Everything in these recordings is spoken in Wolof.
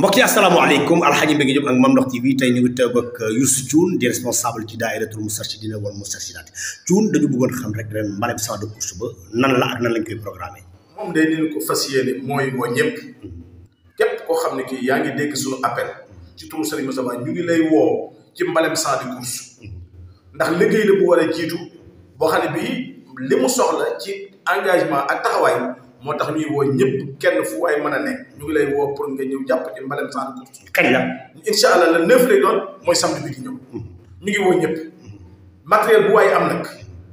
mbokk yi asalaamaaleykum alxaji Mbégi Diop ak Mame Ndokh TV tey ñu ngi teew ak euh, Youssou Thioune di responsable ci daayiratul Moustarchidina wal Moustarchidaty rek ren mbalam champ de course ba nan la ak nan lañ koy programmé ko fas yéene mooy woo képp koo xam ne kii yaa ngi dégg suñu appel ci turu Serigne Moussa ñu ngi lay woo ci mbalam champ de course ndax liggéey la bu war a jiitu boo xam bi bii li mu soxla ci engagement ak taxawaay moo tax ñuy woo ñëpp kenn fu waay mën a nekk ñu ngi lay woo pour nga ñëw jàpp ci mbalem Hann Course kañ la incha allah le neuf lay doon mooy samedi bi di ñëw mm-hmm. ñu ngi woo ñëpp matériel bu waay am nag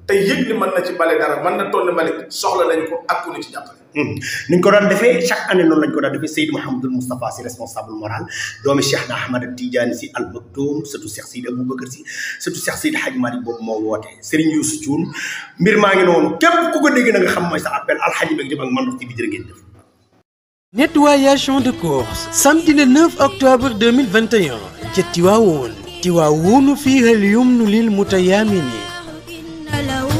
te yëg ni mën na ci bale dara mën na toll malik soxla nañ ko ak ku ci jàppale hmm. niñ ko daan defee chaque année noonu lañ ko daan defee Seyd Mouhamadul Moustapha si responsable moral doomi Cheikh na Ahmad Tidiane si Al Maktoum surtout Cheikh Seyd Aboubacar si surtout Cheikh Seyd Hadj Malick boobu moo woote Serigne Youssou Thioune mbir maa ngi noonu képp ku ko dégg na nga xam mooy sa appel alxaji beeg jëm ak man ci de course samedi le 9 octobre 2021 ci Tiwaawon Tiwaawonu fii al yumnu mutayamini a